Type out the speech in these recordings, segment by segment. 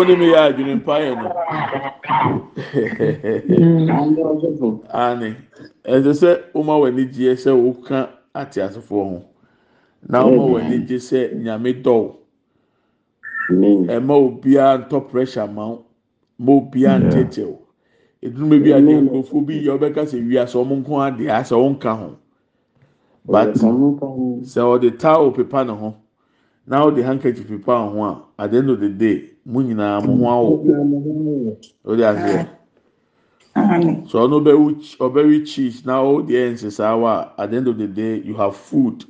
ó ní mi yà àdùnnú mpáyà ani ẹsẹ sẹ ọmọ wà ní jí ẹsẹ ọka àti asọfọ ho na ọmọ wà ní jí sẹ nyàmé dọw ẹ má obiá pressure ma ọ má obiá ntẹtẹ o edunum bi adi nkurɔfo bi yɛ ɔbɛka sɛ wia sɛ ɔmo nko adi a sɛ ɔnka ho but sɛ ɔde taa pepa ne ho na ɔde handkerchief pepa ne ho a at the end of the day. mu nyinaa mo ho awo ɔde aseɛ so ɔno ɔbɛwi cheese na ɔwɔ deɛ nsesa awa at the end of the day you have food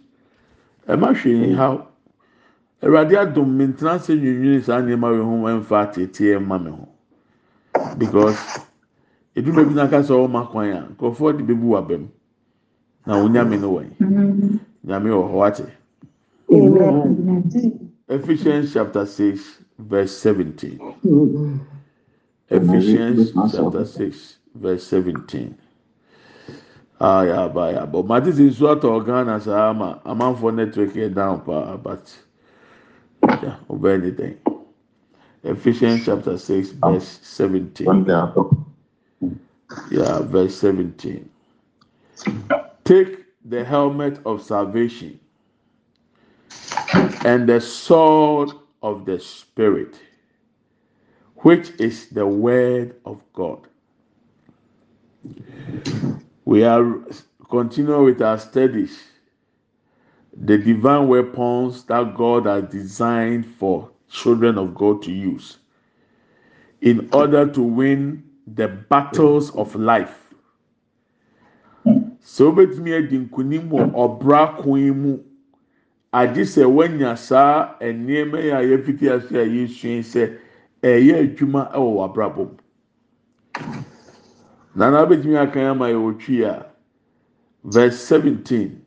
ɛma e hwee ha awurade e adum mi ntena se nwiinwii saa nneɛma wɔ ho ɛnfa tete ɛma e mi ho because edwuma bi n'aka sɛ ɔma kwan a nkurɔfoɔ de bebu wa bɛm na onyame no wɔn nyame wɔ hɔ ate Ephesians chapter six. verse 17. Mm-hmm. Ephesians chapter 6, verse 17. Ah, but my ayaba is what ti I'm ghana am ah, on for network here down but yeah, of anything. ephesians chapter six ah. verse seventeen yeah verse seventeen take the helmet of salvation and the sword of the Spirit, which is the Word of God. We are continuing with our studies. The divine weapons that God has designed for children of God to use in order to win the battles of life. So, betumi me nkunim wɔ ɔbra agye sɛ wanya saa nneɛma yi a yɛfiti ase a yɛsua yi sɛ ɛyɛ adwuma wɔ w'abrabɔ mu nana abɛtumi akan ama yɛ wɔtwi a verse seventeen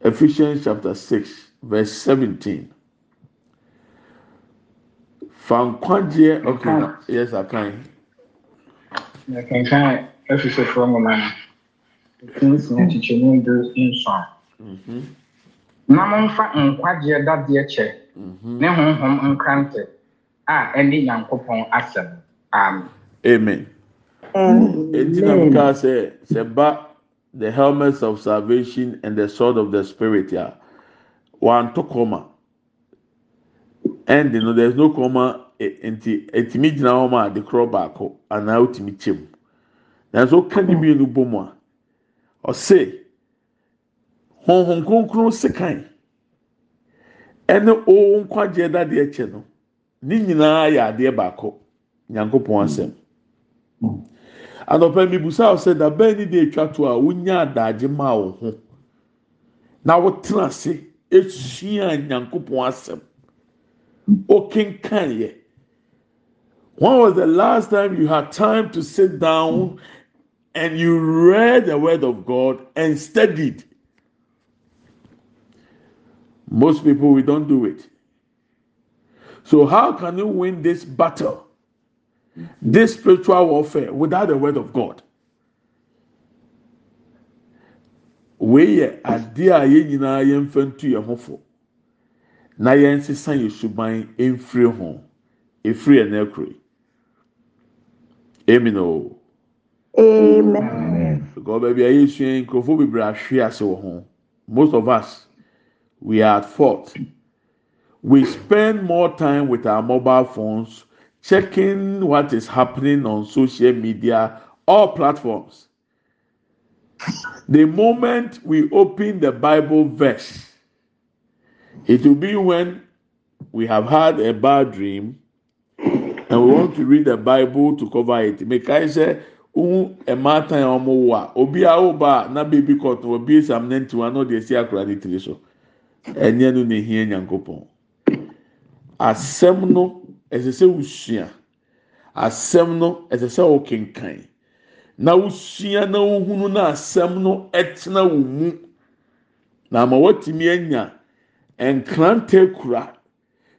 Ephesians chapter six verse seventeen fankwagyeɛ okay yes akan. yɛkenkan efisɛfoɔ nwoma no ntinsin kyikyɛ mu du nson na momfa nkwagyeɛ dadeɛ kyɛ mhm. ne honhom nkrante a ɛne nyankopɔn asɛm amen ɛnti na mekaa sɛ sɛ ba the helmets of salvation and the sword of the spirit a wanto kɔma ɛndi no there's no kɔma e, nti ɛtumi gyina hɔ ma ade korɔ baako anaa otumi kyɛm nanso oka ne mmienu bɔ mu a ɔse. honhom kronkron sekan ɛne ohun no ne nyinaa yɛ adeɛ baako asɛm anɔpɛ dabɛn ni de atwa to a wonya adagye wo ho na wotena ase esua asɛm okenkan yɛ when was the last time you had time to sit down and you read the word of God and studied. Most people, we don't do it. So, how can you win this battle, this spiritual warfare, without the word of God? We Weyɛ adeɛ a yɛn nyinaa yɛn mfa ntu yɛn ho fo na yɛn nsesa yɛn suban mfiri ho efiri yɛn n'ekure. Amen o. Amen. Nkɔɔ baabi a yɛsua nkurɔfoɔ bebree ahwe ase wɔ ho. Most of us we are at fault. We spend more time with our mobile phones, checking what is happening on social media or platforms. The moment we open the Bible verse, it will be when we have had a bad dream and we want to read the Bible to cover it. Mekai sɛ ohun ɛmaa tan a wɔn obi a ɔba na baby cotton obi esam ne ntiwa na ɔde esi akora ne tiri so. ɛneɛ no na ehia nyankopɔn asɛm no ɛsɛ sɛ wusua asɛm no ɛsɛ sɛ ɔkenkan na wusua na ohunu na asɛm no ɛtena wɔn mu na ama watumi anya nkrante kura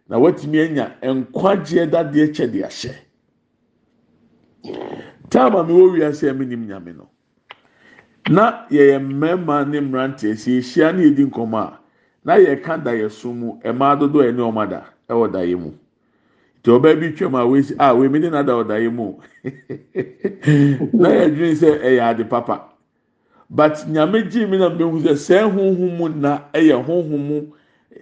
na watumi anya nkwagyeɛ dadeɛ kyɛ de ahyɛ taama mi wɔ wiase mi nim nyame no na yɛyɛ mmarima ne mmeranteɛ si ehyia na yɛdi nkɔmɔ a. na yɛ ka yɛka daeɛso mu e mmaa dodoɔ e e a ɛne ɔma ada ɛwɔ daeɛ mu te ɔbaa bi twam a wesi a wemi ne nada wɔ daeɛ mu na yɛ yɛdwene sɛ ɛyɛ adi papa but nyame gye mi na mehu sɛ sɛɛ honhom mu na ɛyɛ honhom mu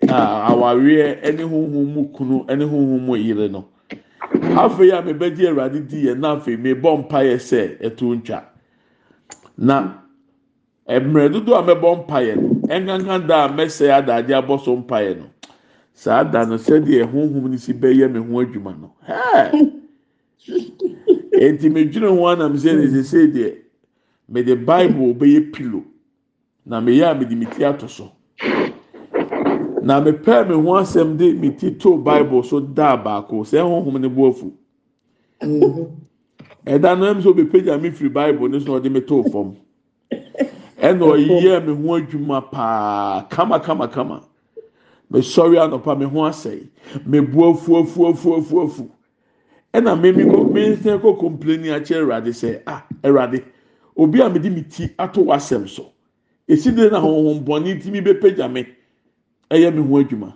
a awareɛ ɛne honhom mu kunu ɛne honhom mu yere no afei a mebɛgye awurade di yɛ na afei mebɔ mpa yɛ sɛ ɛto ntwa na mmerɛ dodoɔ a mɛbɔ mpa yɛ no. ɛnkankan da a mɛsɛ adaade abɔ so mpaeɛ no saa da no sɛdeɛ huhum no si bɛyɛ me ho adwuma no hɛɛ eti medwiri ho anam sɛ ne sese deɛ mede bible bɛyɛ pilo na meyɛ a mede me ti ato so na mepɛɛ me ho asɛm de me ti to bible so da baako sɛ huhum no bo afu mhm. ɛda no ɛmu sɛ obepagya me firi bible ne so ɔde me to fam ɛna ɔyɛ me ho adwuma paa kama kama kama mesɔre anɔpa me ho asɛe mebu afu afu afu afu afu ɛna mmemme kɔ mmemme kɔ kompleni akyerɛ ɛwurade sɛ ah ɛwurade obi a di me ti ato w'asɛm so esi de na honhom bɔnne ti mi bɛpagya me ɛyɛ me ho adwuma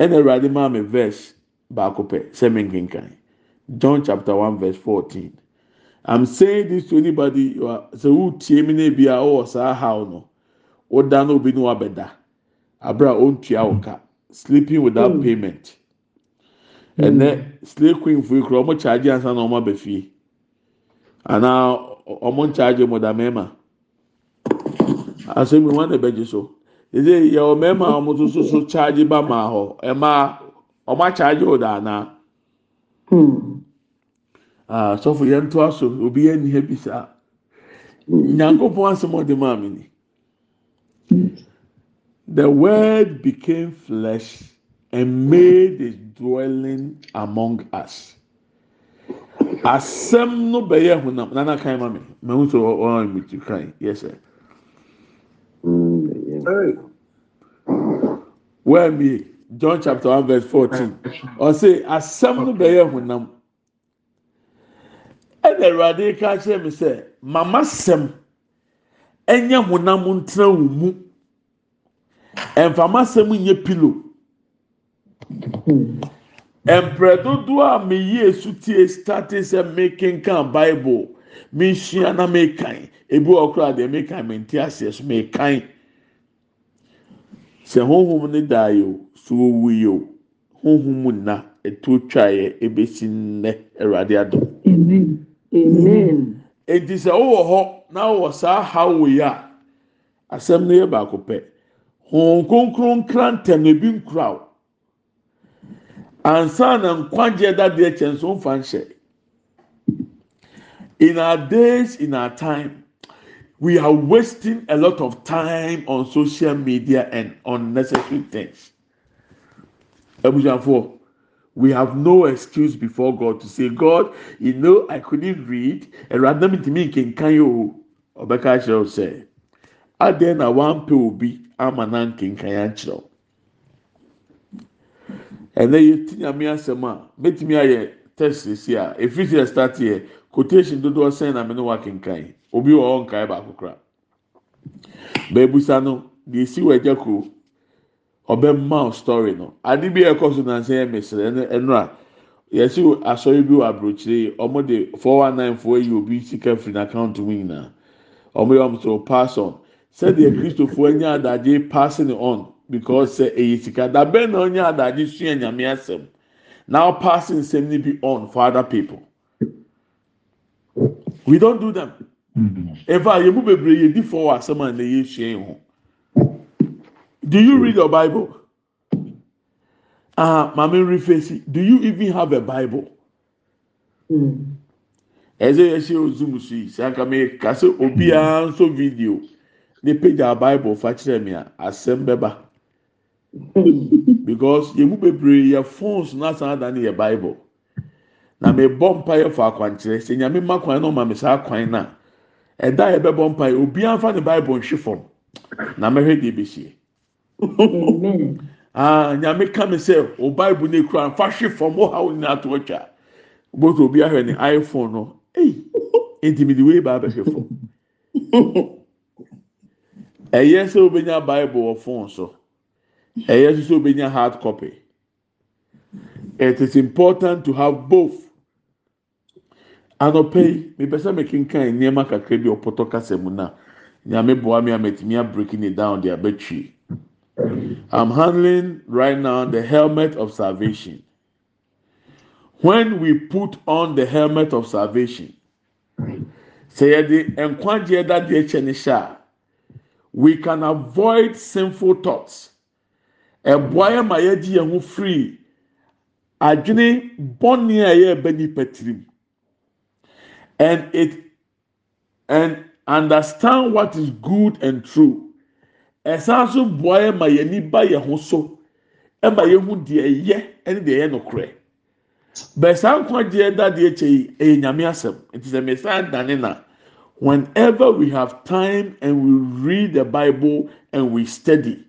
ɛna ɛwurade maa me verse baako pɛ sɛ me nkenkan John chapter one verse fourteen. i'm saying this to anybody you are sɛ wotie mi na ebi a oh, ɔwɔ saa haw no ɔda na obi na wabɛda abira ɔntua ɔka sleeping without mm. payment ɛnɛ mm. slay queen fo ekura ɔmo kyaagye ansa na ɔmo aba fie anaa ɔmo nkyaagye mo da mɛɛma asɛm yi wɔn na ɛbɛgye so ɛdɛ yɛ wɔ mɛɛma a ɔmo soso so kyaagye ba maa hɔ ɛmaa ɔmo akyaagye o da anaa. Mm. asɔfo ah, yɛn to aso obi yɛn ni ebi saa nyankopɔn asɛm ɔde maa ni the word became flesh and made his dwelling among us asɛm no bɛyɛ honam nana kan ma mi mɛ n so ɔn mi ti kan yes sir. me John chapter one verse fourteen ọ̀sẹ̀ asẹ́m ló bẹ̀yẹ̀ hùnàm ɛna awurade ka kyerɛ mi sɛ mama sɛm ɛnyɛ honam ntena wɔn mu mfama sɛm nyɛ pilo mprɛ dodoɔ a meyi esu tie starte sɛ mekenkan bible mehyia na mekan ebi wɔ kora deɛ mekan mente aseɛ so mekan sɛ honhom ne daa yi o so yi o honhom twa yɛ ebesi nnɛ awurade adom. enti sɛ wowɔ hɔ na wowɔ saa hawo yi a asɛm no Hong Kong, pɛ honhom kronkron nkra ntɛm na ebi nkura wo ansa na nkwagye dadeɛ kyɛn so mfa nhyɛ in our days in our time we are wasting a lot of time on social media and unnecessary things four. we have no excuse before God to say, God, you know, I couldn't read. And Ẹ̀rọ adámìtìmí me can, can you? Obeka shall say, "I then I want to be na nkankan yà kyerẹ́ o. Ẹ̀nẹ́ yẹ ti nyàmé asẹ́m a, me ayẹ test this year. If it's yẹ start here, quotation do sẹ́n na mi ni wa kankan, obi wɔ hɔ nkae baako kora. Bẹ́ẹ̀ busa no, deɛ esi wɔ ɔbɛma story no ade bi a ɛkɔ so nansa yɛ mesrɛ ɛno a yɛsi asɔre bi wɔ aburokyire yi wɔn de four one nine four yi obi sika firi n'account mu nyinaa wɔn yɛ wɔn sɔrɔ pass on sɛdeɛ kristofoɔ anya adagye passing on because sɛ ɛyɛ sika dabɛn na ɔnya adagye sua nyame asɛm now passing nsɛm ni bi on for other people we don do them ɛfɛ mm-hmm. a yɛn mu bebree yɛ di fɔ wɔ asɛm a na yɛ sua yɛn ho. Do you read your Bible? Ah, uh, Mami Rifesi, do you even have a Bible? Ẹ̀sẹ̀ yẹn ṣe Zoom sí i, sàkàmì kàṣẹ obiara video. fídíò ní pèjà Bible fàkyerẹ mi a àṣẹm bẹ́bà. Because yẹmu bebree yẹ phones n'asan adan yẹ Bible. Na mi bọ mpa yẹ fọ akwankyerẹ, sẹ nyame mma kwan náà ma mi sá kwan náà. Ẹ̀dá yẹ bẹ bọ mpa yẹ, obiara nfa ni Bible nhwe fọm, na mẹ́hwẹ́ di ebi sie. Ah, nyame ka mi sɛ o baibu ne kura fa hwe fam hɔ ha o nyinaa to ɔtwa bɔtɔ obi ahwɛ ne iphone no eyi ntimidi wei ba abɛhwɛ fam ɛyɛ sɛ obenya baibu wɔ phone so ɛyɛ sɛ obenya hard copy it is important to have both anɔpɛ yi mipɛ sɛ mekenkan nneɛma kakra bi ɔpɔtɔ kasa mu na nyame boa mi a mɛtumi abreak ne down de abɛtwi. I'm handling right now the helmet of salvation. When we put on the helmet of salvation, we can avoid sinful thoughts. And yɛ ma yɛgye yɛn and it and understand what is good and true ɛsan so boa ma yɛn ani yɛn ho so ɛma yɛn hu deɛ yɛ ɛne deɛ yɛ nokorɛ bɛsan kwagyeɛ da kyɛ yi ɛyɛ nyame asɛm nti sɛ mesan dane na whenever we have time and we read the bible and we study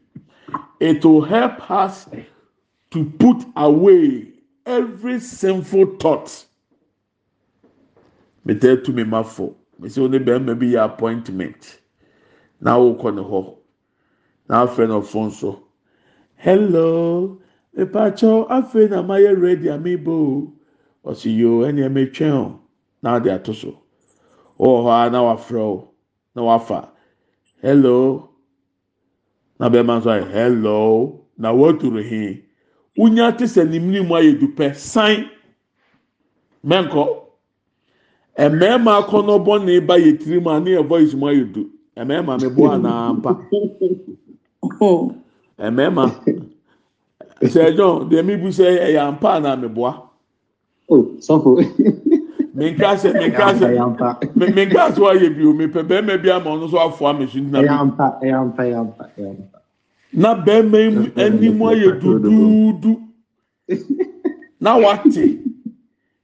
it will help us to put away every sinful thought. metaa tu me ma fo mesia wɔn ne bɛrima bi yɛ appointment na awokɔ ne hɔ n'afɛ na ɔfo nso hello mipatsɔ afei na ma yɛ ready ami bo ɔsi yo ɛni ɛmi twɛn o na adi ato so ɔwɔ hɔ a na wafrɛ o na wafa hello na bɛrima nso ayɛ hello na wɔturu hin wunya ti sɛ nimini mu ayɛ dupɛ san mɛnkɔ mmarima akɔnɔbɔ ne ba yɛ tiri mu a ne yɛ voice mu ayɛ du mmarima mi bɔ anaa mpa. mmarima sir john deɛ mebu sɛ ɛyɛ ampa anaa meboa sɔfo menka sɛ menka sɛ menka sɛ wayɛ bio mepɛ bɛrima bi ama ɔno nso afoa me so ntina na bɛrima yi anim ayɛ duduudu na wate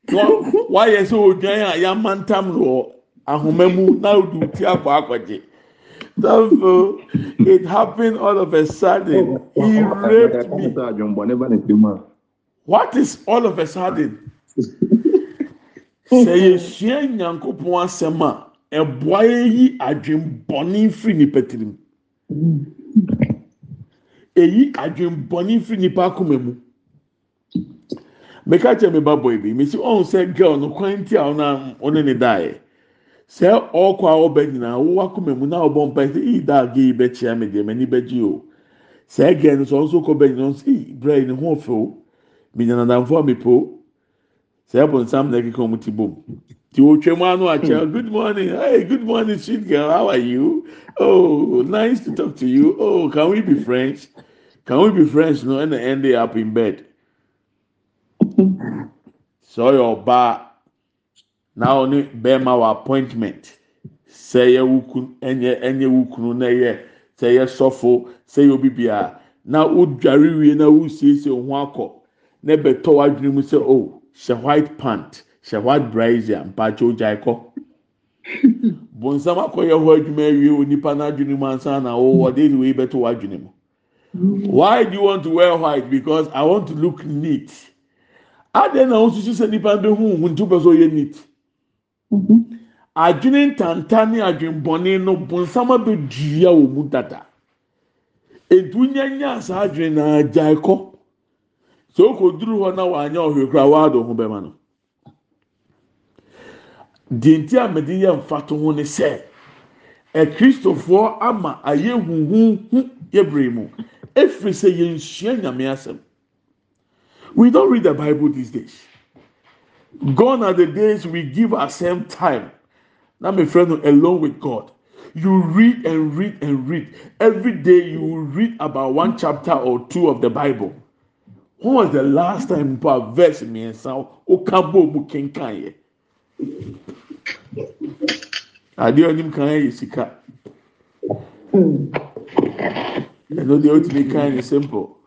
wayɛ sɛ odwan a yɛamantam no wɔ ahoma mu na odi ti akɔ akɔgye. Therefore, it happened all of a sudden. He raped me. What is all of a sudden? Sɛ yɛsua nyankopɔn asɛm a ɛboa yɛyi adwembɔne firi nipa tirim. Eyi adwembɔne firi nipa akoma mu. Mɛka kyerɛ mi ba ebi, mi si ɔn sɛ girl no kwan ti a ɔne ne da yɛ sɛ ɔkɔ a ɔbɛ nyinaa wɔwɔ akoma mu na ɔbɔ mpa sɛ ii daa gye yi bɛkyia mi deɛ m'ani bɛgye o sɛ ɛgɛ no sɛ ɔnso kɔ bɛ nyinaa sɛ ii bra yi ne ho ɔfɛw mi nyana danfo a mi sɛ ɛbɔ nsam na ɛkeka ɔmo ti bom ti o mu ano akyɛ good morning hey good morning sweet girl how are you oh nice to talk to you oh can we be friends can we be friends no ɛna end up in bed sɛ ɔyɛ ɔbaa na ɔne bɛrima wɔ appointment sɛ ɛyɛ wukun ɛnyɛ ɛnyɛ wukunu na ɛyɛ sɛ ɛyɛ sɔfo sɛ ɛyɛ obi bia na wodware wie na wosiesie ho akɔ na bɛtɔ wadwene mu sɛ o oh, hyɛ white pant hyɛ white brazier mpakyɛ ogya ɛkɔ bonsam akɔyɛ hɔ adwuma awie wɔ nipa n'adwene mu ansa na ɔwɔ hmm. de ɛdi wei bɛtɔ wadwene mu hmm. why do you want to wear white because i want to look neat adeɛ na wɔn soso sɛ nipa bɛ hu hu ntu bɛ so yɛ neat. Mm-hmm. adwene ntanta ne adwenbɔne no bonsam abɛdua wɔ mu dada etu nyanya saa adwene na agya kɔ sɛ okoduru hɔ na wanya ɔhwɛ kura waado ho bɛma no deɛ nti a mɛde yɛ mfato ho ne sɛ ɛkristofoɔ ama ayɛ huhuhu yɛbere mu efiri sɛ yɛnsua nyame asɛm we don read the bible these days. Gone are the days we give ourselves time. Now, my friend, alone with God. You read and read and read. Every day you will read about one chapter or two of the Bible. When was the last time you verse me and saw? Okabo Mukenkaye? Ade onim kan yisika. sika. Hmm. know the otumi kind is simple.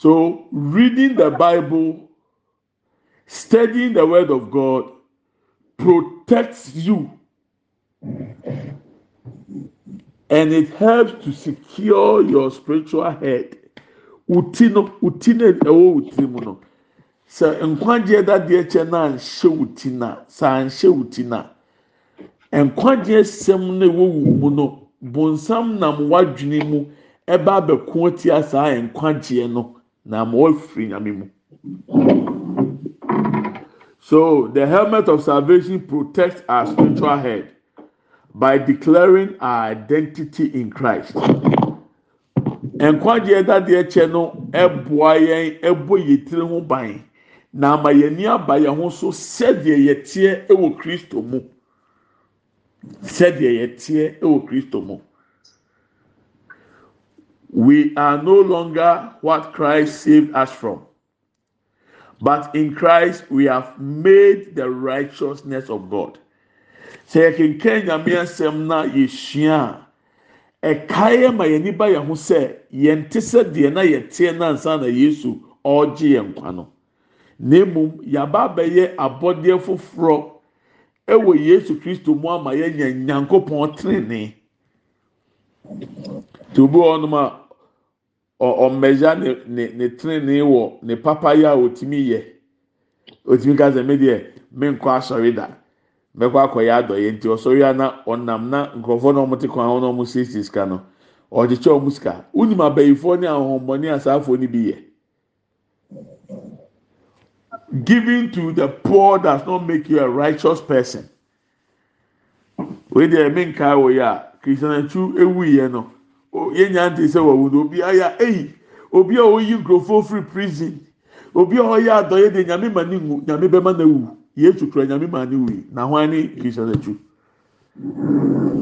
So reading the Bible studying the word of God protects you and it helps to secure your spiritual head. Utina eh, oh, sɛ nkwagyeɛ dadeɛ kyɛ na nhyɛ utina saa nhyɛ utina nkwagyeɛ sɛm na ɛwɔ wɔ mu no bonsam nam wadwene mu ɛba abɛko tia saa nkwagyeɛ no na ma wafiri nyame mu. So the helmet of salvation protects our spiritual head by declaring our identity in Christ. Nkwagye dadeɛ kyɛ no ɛboa yɛn ɛbɔ yɛn tiri ho ban na ama yɛn ani aba yɛn ho so sɛdeɛ yɛteɛ ɛwɔ kristo mu sɛdeɛ yɛteɛ ɛwɔ kristo mu we are no longer what Christ saved us from But in Christ, we have made the righteousness of God. Sɛ yɛkenkan nyame asɛm na yɛhyia a, ɛkaeɛ ma yɛn nipa yɛn ho sɛ yɛnte sɛ deɛ na yɛteɛ nansa na Yesu ɔregye yɛn nkwa no. Na mmom, yɛaba abɛyɛ abɔdeɛ foforɔ ɛwɔ Yesu Kristo mu ama yɛanya Nyankopɔn tenenee. Tobi wɔ a ɔmmɛgya ne ne ne tenenee wɔ ne papayɛ a otumi yɛ otumi ka sɛ medeɛ menkɔ asɔre da mɛkɔ akɔyɛ adɔyɛ nti ɔsɔre a na ɔnam na nkurɔfoɔ na wɔte kwan ho na wɔsiesie sika no ɔdekye wɔn sika wonim abayifoɔ ne ahohommɔne asaafoɔ ne bi yɛ giving to the poor does not make you a rightful person wei deɛ menkae wɔ yɛ a kristianatu ewu yɛ no. yɛn nyinaa ti sɛ wɔwu no obi prison. eyi obi a ɔyi nkurɔfoɔ firi prison obi a ɔyɛ adɔyɛ de nyame ma ne wu nyame bɛma na wu yesu kura nyame ma ne wu na hwan ne kristu n'akyi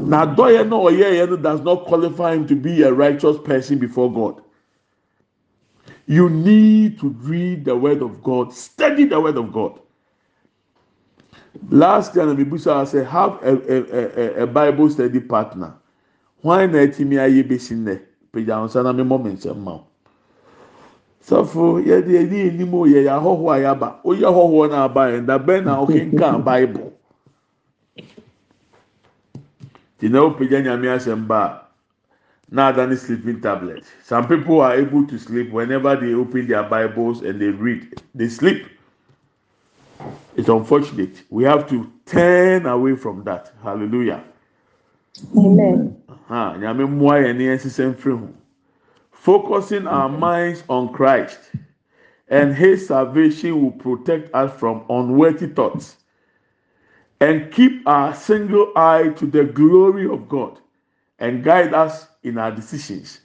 na adɔyɛ no ɔyɛ yɛ no does not qualify him to be a righteous person before God. You need to read the word of God, study the word of God. Last year, Namibusa, I said, have a, a, a, a Bible study partner. iseeig aetsomeeeoeeveeieaseaeotuawafotha nyame mmoa yɛn ne yɛn sisɛ mfiri ho focusing our minds on christ and his salvation will protect us from unworthy thoughts and keep our single eye to the glory of god and guide us in our decisions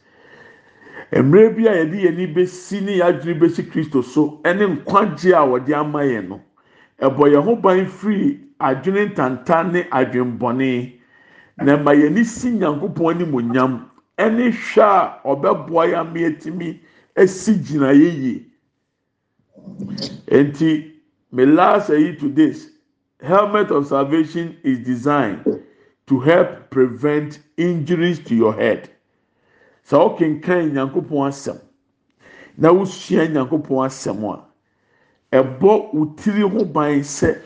mmerɛ bi a yɛde yɛn ni besi ne yɛadwiri besi kristo so ne nkwagye a wɔde ama yɛn no ɛbɔ yɛn ho ban firi adwene ntanta ne adwenbɔne. na ma yɛn ani si nyankopɔn animuonyam ɛne hwɛ a ɔbɛboa yɛ ama yɛtumi asi gyina yɛyie nti my last ayi to this helmet of salvation is designed to help prevent injuries to your head sɛ ɔkenkan nyankopɔn asɛm na wosua nyankopɔn asɛm a ɛbɔ wotiri ho ban sɛ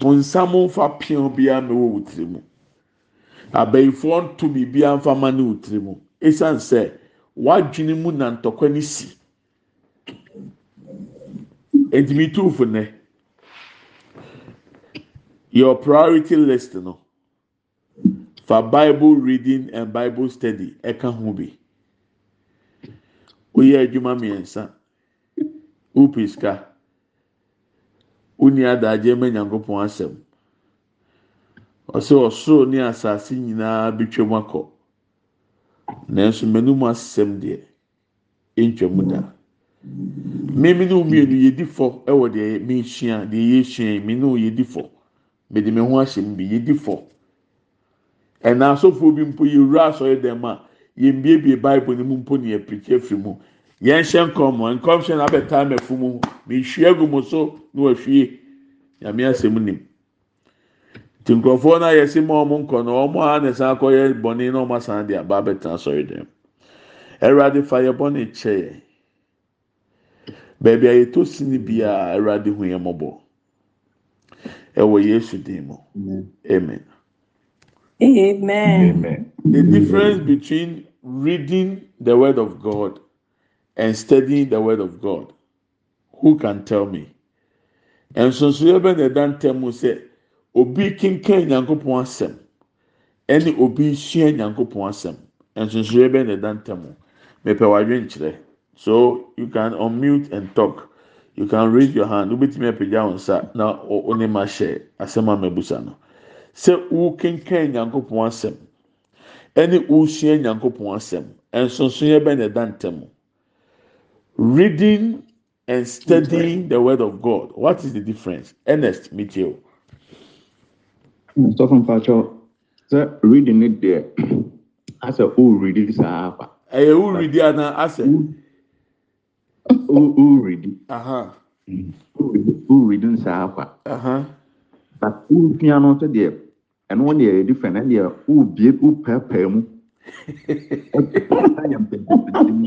bonsam nfa pia biara mewɔ wotiri mu abɛyifoɔ ntumi bi anfama ne wotiri mu esan sɛ wadwini mu na ntɔkwa ne si edimi tuufo nɛ your priority list no fa bible reading and bible study ɛka ho bi woyɛ adwuma mmiɛnsa wopi sika wonni adagye mɛ nyankopɔn asɛm ɔsɛ ɔsoro ne asase nyinaa betwam akɔ nanso mmanum asɛm deɛ ntwam da mmemme no mmienu yɛdi fɔ wɔ deɛ mehyia deɛ yɛhyia yi mmemme yɛdi fɔ mede me ho ahyɛ mu bi yɛdi fɔ ɛna asɔfoɔ bi mpo yɛwura asɔre dɛm a yɛmbiebie baibul ne mu mpo ne yɛpirikyi afiri mu yɛnhyɛ nkɔmɔ nkɔmhyɛ no abɛtaa mɛfo mu mehwie agu mu so na wahwie nyame asɛm nim nti nkurɔfoɔ no ayɛse ma ɔ mo nkɔ no ɔma aa ne san kɔ yɛ bɔne na ɔma asan deɛ abaa bɛtena sɔre dɛm ɛwrade fa yɛbɔne kyɛeɛ baabi a yɛtɔ sine biaaa ɛwrade hu yɛ mmɔbɔ ɛwɔ yɛsudin mu amen the difference between reading the word of god and studying the word of god who kan tell me ɛnsonsoyɛ bɛne ɛdantam mu sɛ obi kenkan nyankopɔn asɛm ɛne obi sua nyankopɔn asɛm nsonsorɔ bɛ na ɛda ntam mepɛ wadwenkyerɛ so you can unmute and talk you can raise your hand wobɛtumi apagya wo nsa na ɔne ma hyɛ asɛm a mabusa no sɛ wokenkan nyankopɔn asɛm ɛne wosua nyankopɔn asɛm nsonsorɔ bɛ na ɛda ntam reading and studying the word of god what is the difference ernest mitchell sɔfo mpatsɔ sɛ reading ne deɛ asɛ o reading saa pa. ɛyɛ o reading ana asɛ. o o reading. o reading saa pa. but o pia no sɛ deɛ ɛno deɛ yɛ different ɛna deɛ o bie o pɛɛpɛɛ mu. ɛyɛ mpɛmpɛmpɛ mu.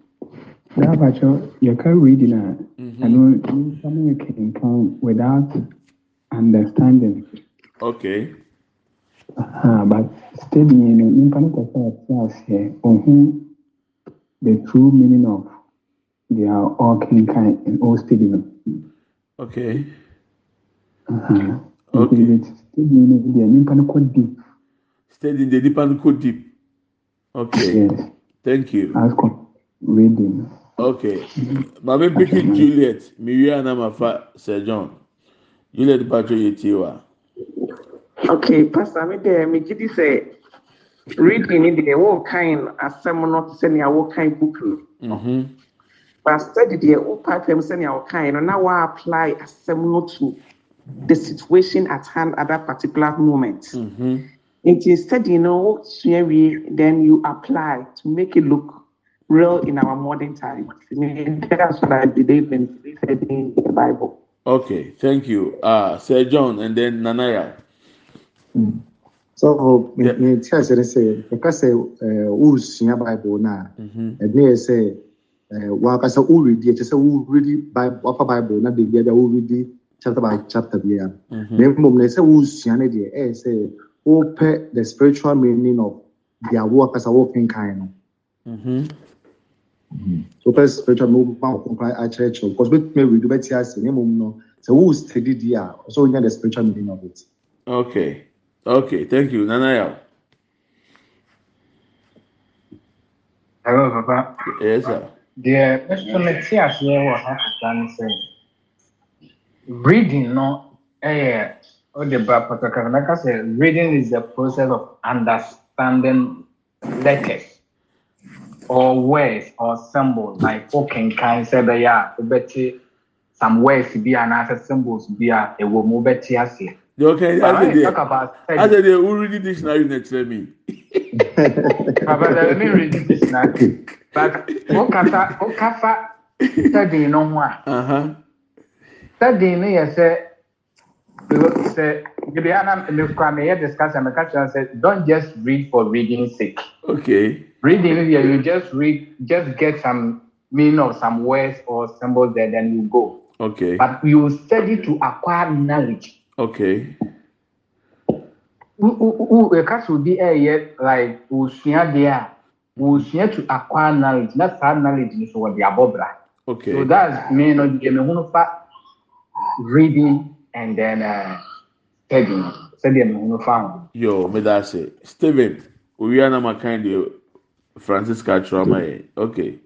Dabacho, you can read it. Mm-hmm. I know something you can come without understanding. Okay. Uh-huh, but studying in Panikosa on the true meaning of they are all king kind and all studying. Okay. Uh-huh. Okay. Studying the deep. Studying the Nipaniko deep. Okay. Yes. Thank you. As reading ok maame pikin juliet miri anamafa sir john juliet patro yɛ tie wa. ok pastor mi dɛ mi gidi sɛ reading ni deɛ wɔn kan asɛm no te sɛ nea wɔn kan book no. Mm-hmm. pastor de deɛ wɔn pa fɛm sɛ nea wɔn kan no na wɔn apply asɛm no to the situation at hand at that particular moment. Mm -hmm. nti study no wɔn sua wie then you apply to make it look real in our modern times. That's what I believe in reading the Bible. Okay, thank you. Uh Sir John and then Nanaya. So yeah. me tell say because uh usua Bible now, mm-hmm. and they say wa ka sɛ woredi ɛkyɛ sɛ woredi wafa bible Not the na de biara woredi chapter by chapter yeah. biara na mmom say sɛ woresua no deɛ ɛyɛ sɛ wopɛ the spiritual meaning of their deɛ awo akasa wokenkan no so first spiritual no ma wɔn kɔnkɔn akyerɛkyerɛ because steady the spiritual meaning of it. okay okay thank you nana hello papa. yes sir. deɛ ɛsɛ mi ti aseɛ wɔ ha kata reading. sɛ no Eh. ɔde oh, the pataka na ka sɛ is the process of understanding letters. or words or symbols like wokenkan sɛ ɛbɛyɛ a wobɛte some words be bi anaasɛ symbols be a woman. mu wobɛte ase Okay, as a day, as a day, who read you next to me? Papa, ah, let uh, me read dictionary. But Okasa, Okasa, study no more. Uh huh. Study no, yes, sir. Sir, Gibeana, Miss Kwame, here discuss and catch and said, don't just read for reading sake. Okay. Reading India, you just read, just get some meaning of some words or symbols there, then you go. Okay. But you study to acquire knowledge. Okay. Ɛka so bi ɛyɛ like osua deɛ a osua to acquire knowledge not saa knowledge nso wɔde abɔ bra. Okay. So that's me no deɛ me hunu fa reading and then uh, studying sɛdeɛ me hunu fa ho. Yo, me da se, Steven, owia na ma kan deɛ Francis Catra Maye. Okay.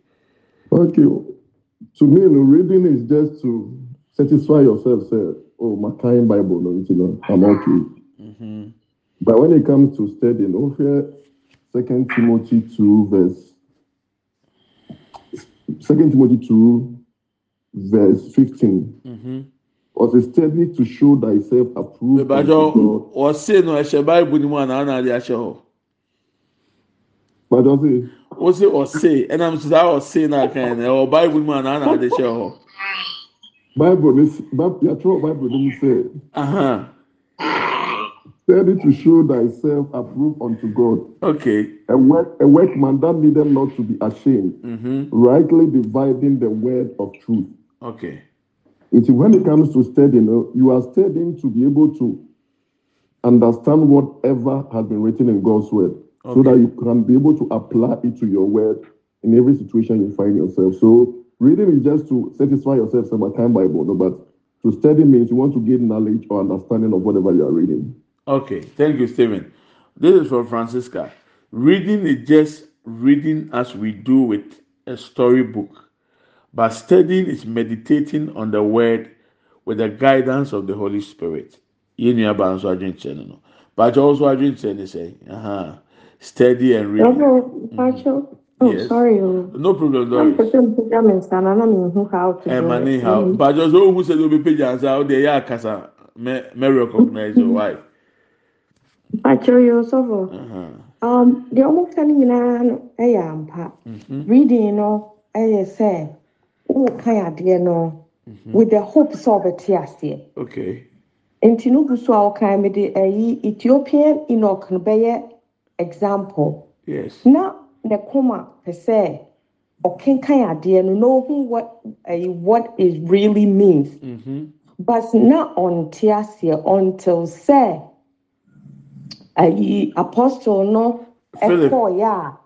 Eh, okay. To me, you reading is just to satisfy yourself, say, oh, my kind Bible, no, you know, I'm okay. Mm-hmm. But when it comes to studying, over oh, Second Timothy two verse Second Timothy two, verse fifteen. Mm-hmm. Or to study to show thyself approved. Ìbàjọ́ wọ́n ṣe é ẹ̀ṣẹ̀ báyìí bu ni mu àná àná àdé ẹ̀ṣẹ̀ pàtó sí. ó sì ọ̀sẹ̀ ẹ̀nà mi sọ̀tà ọ̀sẹ̀ náà kàn ẹ̀ ọ̀ báyìí mu àná àná àdé Bible ọ̀. báyìbù Bible? yàtọ̀ báyìbù say? mo sẹ̀. Study to show thyself approved unto God. Okay. A, work, a workman that needed not to be ashamed, mm-hmm. rightly dividing the word of truth. Okay. It, when it comes to studying, you are studying to be able to understand whatever has been written in God's word okay. so that you can be able to apply it to your work in every situation you find yourself. So reading is just to satisfy yourself some time by Bible, but to study means you want to gain knowledge or understanding of whatever you are reading. Okay, thank you, Stephen. This is from Francisca. Reading is just reading as we do with a storybook, but studying is meditating on the word with the guidance of the Holy Spirit. Yẹn ni a bá ń sọ adúnkyẹn nínú steady and real. Mm -hmm. Oh, yes. sorry. Oh. No problem, Doris. I'm eh, money how. But just who said you'll be pigeons out there, yeah, Casa. May recognize your wife. Pacho, you so uh-huh. Um, the almost telling you now, I am mm-hmm. reading, no, I say, oh, kind dear, no, mm-hmm. with the hopes of a tear. Okay. And Tinubu saw kind of the Ethiopian Enoch, no, example. Yes. Now, ne koma per se ɔkenkan adeɛ no na ohun what uh, what it really means. Mm -hmm. But na on aseɛ until sɛ ayi eh, apostle no ɛkɔɔyɛ a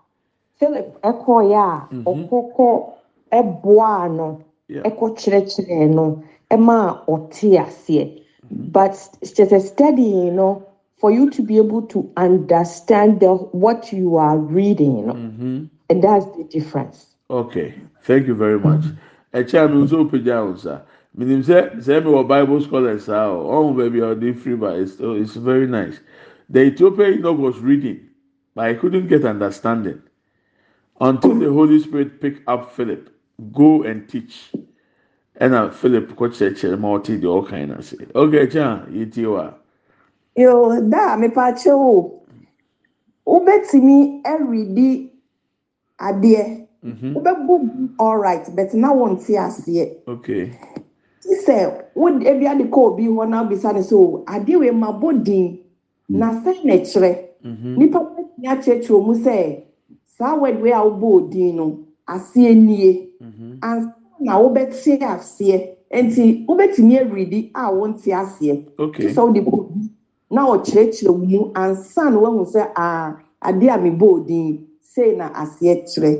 Philip ɛkɔɔyɛ a mm-hmm. ɔkɔkɔ ɛboa no ɛkɔ kyerɛkyerɛ no ɛma ɔte mm-hmm. But just a study you know for you to be able to understand the, what you are reading. Mm-hmm. And that's the difference. Okay. Thank you very much. Ẹ̀kyẹ́ mi nso pèjà ọ̀sà. Mìnim sẹ́ sẹ́ Bible scholars Oh, baby, ọ̀hún bẹ̀bi ọ̀dín free but it's, it's very nice. The Ethiopian eunuch was reading but I couldn't get understanding until the Holy Spirit picked up Philip go and teach. and uh, Philip coach kyerẹ́kyerẹ́ ma the all kind of say. Okay, John, you a Yo, da, me pa mepakyɛ o. Wobɛtumi ɛredi adeɛ. Wobɛbu mm-hmm. alright but na wɔnte aseɛ. Okay. Ti sɛ wo ebi adi kɔ obi hɔ na obisa ne so adeɛ wei ma bɔ din na sɛn na ɛkyerɛ. Nipa bɛtumi akyerɛkyerɛ omu sɛ saa word wei a wobɔ din no aseɛ nie. Mm-hmm. Ansa na wobɛte aseɛ nti wobɛtumi ɛredi a wɔnte aseɛ. Okay. Ti sɛ wodi bu na ɔkyerɛkyerɛ wo mu ansa na wahu sɛ aa adeɛ a mebɔ odin sei na aseɛ kyerɛ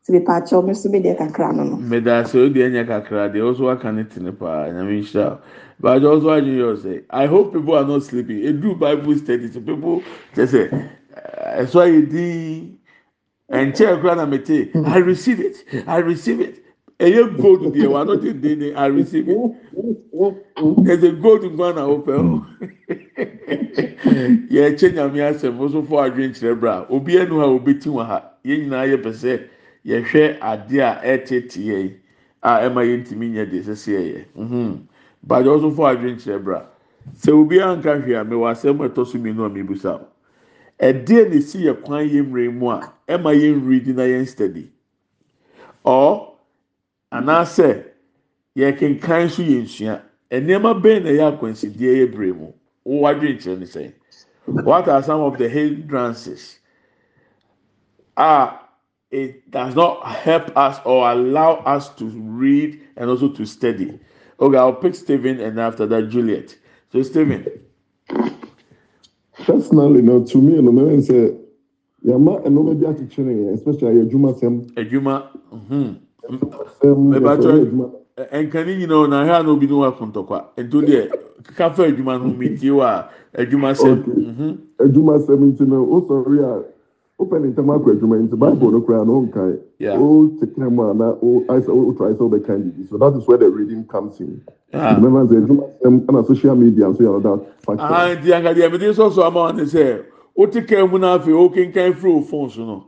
nti mepaakyɛw me nso medeɛ kakra no no medaase o deɛ nyɛ kakra deɛ ɔso aka ne tene paa nyame nhyira baagyɛ ɔso agye yɛ ɔsɛ i hope people are not sleeping edu bible study so people kyɛ sɛ eh, ɛso ayɛ dii ɛnkyɛn kura na mete i receive it i receive it eye gold deɛ wa no de de ne are receiving ɛdɛ gold nkwa na wopɛ o yɛkyɛ nyame asɛm nso fɔ adwenkyerɛ bra obi anu ha obi ti wɔ ha yɛn nyinaa ya sɛ yɛhwɛ adeɛ a ɛtete yɛ yi a ɛma yɛntumi nyɛ de sɛsɛ yɛ baagye ɔso mm-hmm. fɔ adwenkyerɛ bra sɛ obi anka hwɛ a mɛwɔ asɛm ɛtɔ so mmienu a mɛbusa o ɛdeɛ na esi yɛ kwan mu a na yɛn study anaasɛ yɛkenkan nso yɛ nsua nneɛma bɛn na ɛyɛ akwansideɛ yɛ bere mu wɔwɔ adwenkyerɛ ne sɛn what are some of the hindrances ah it does not help us or allow us to read and also to study okay i'll pick stephen and after that juliet so stephen. personally na to me ɛnna mɛrin sɛ yamma ɛnna ɔmɛ bi akyekyere yɛn especially adwuma sɛm. adwuma. Mm -hmm. nkane nyinaa ọ na na obi n'ụwa kọ ntọkwa etu deɛ kafa adwuma no mi tie wa adwuma sɛm. adwuma sɛm nti na o sɔrɔ a o pɛ ne ntɛm akɔ adwuma nti baibul no nka o te kan mu o ayisa o tura ayisa o bɛ kan so that is where the reading comes in. Ah. remember say adwuma sɛm ɛna social media nso yɛ ɔda factor. ahan di ankadeɛ mi de sɔsɔ ama wa ne sɛ o te kan mu n'afɛ o kankan firi o phone so no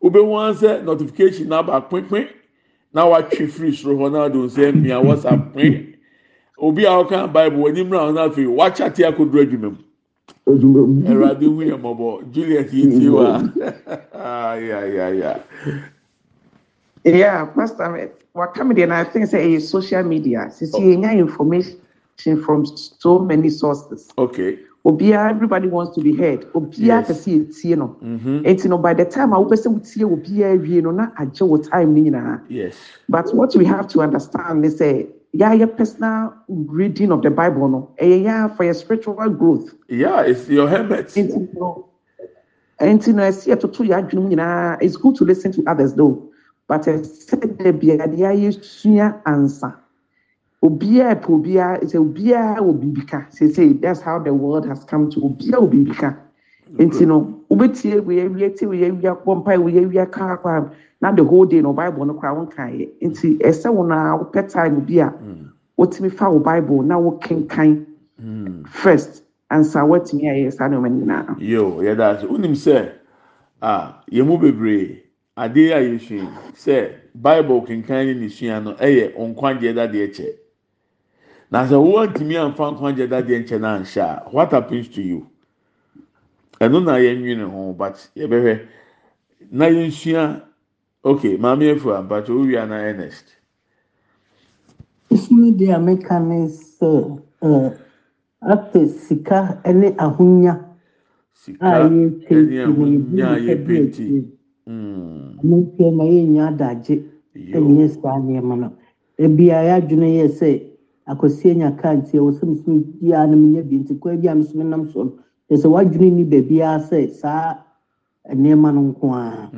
o bɛ wọn sɛ notification n'aba pínpín. na watwe firi soro hɔ na de ose mmea whatsapp pe obi a ɔka bible wɔ anim na ɔna afei wakyɛ te akodoro adwuma mu ɛwurade hu yɛ mɔbɔ juliet yi ti wa ya ya ya. Yeah, Pastor, what come in, I think say is social media. See, oh. information from so many sources. Okay obiara everybody wants to be heard obiara kɛse etie no mm-hmm. eti no by the time a wopɛ sɛ wotie obiara wie no na agye wo time ne nyinaa yes but what we have to understand is say yeah your personal reading of the bible no ɛyɛ eh, yeah for your spiritual growth yeah it's your helmet eti no eti no ɛsi ɛtoto yɛ adwene mu nyinaa it's good to listen to others though but ɛsɛ de bia de ayɛ sua ansa. obiara pɛ obiara sɛ obiara wɔ biribi ka sese that's how the world has come to obiara wɔ biribi ka nti no wobɛtie wei awia tie wei awia kɔ mpa wei awia kaa kɔ na the whole day no bible no koraa wɔnkan yɛ nti ɛsɛ wɔn a wopɛ time bi a wotumi fa wɔ bible na wɔkenkan first ansa wɔtumi ayɛ saa nneɛma nyinaa. yoo yɛda ase wonim sɛ a yɛn mu bebree adeɛ a yɛsua sɛ bible kenkan ne ne sua no ɛyɛ nkwagyeɛ dadeɛ kyɛ. sɛ woaantumi amfa nko agye dadeɛ nkyɛ ne anhyɛ ano nayɛnwene hona yɛnsuamaaefns sm deɛ a meka ne sɛ ate sika ne ahonya yɛmayɛnya hmm. adagye neɛsanenoabaɛadweneyɛsɛ akɔsie nya kaa nti ɛwɔ sɛ mesome biara no menya bi nti kwa bi a mesome nam soɔ no ɛ sɛ ni baabiara sɛ saa nneɛma no a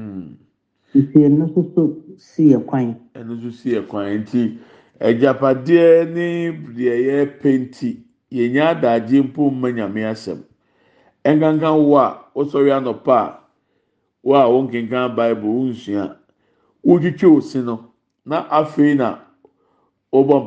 nti ɛno nso so si yɛ kwan ɛno nso si yɛ kwan nti agyapadeɛ ne deɛ penti yɛnya adagye mpo mma nyame asɛm a wosɔre anɔpa a a bible wonsua wo no na afei na wobɔ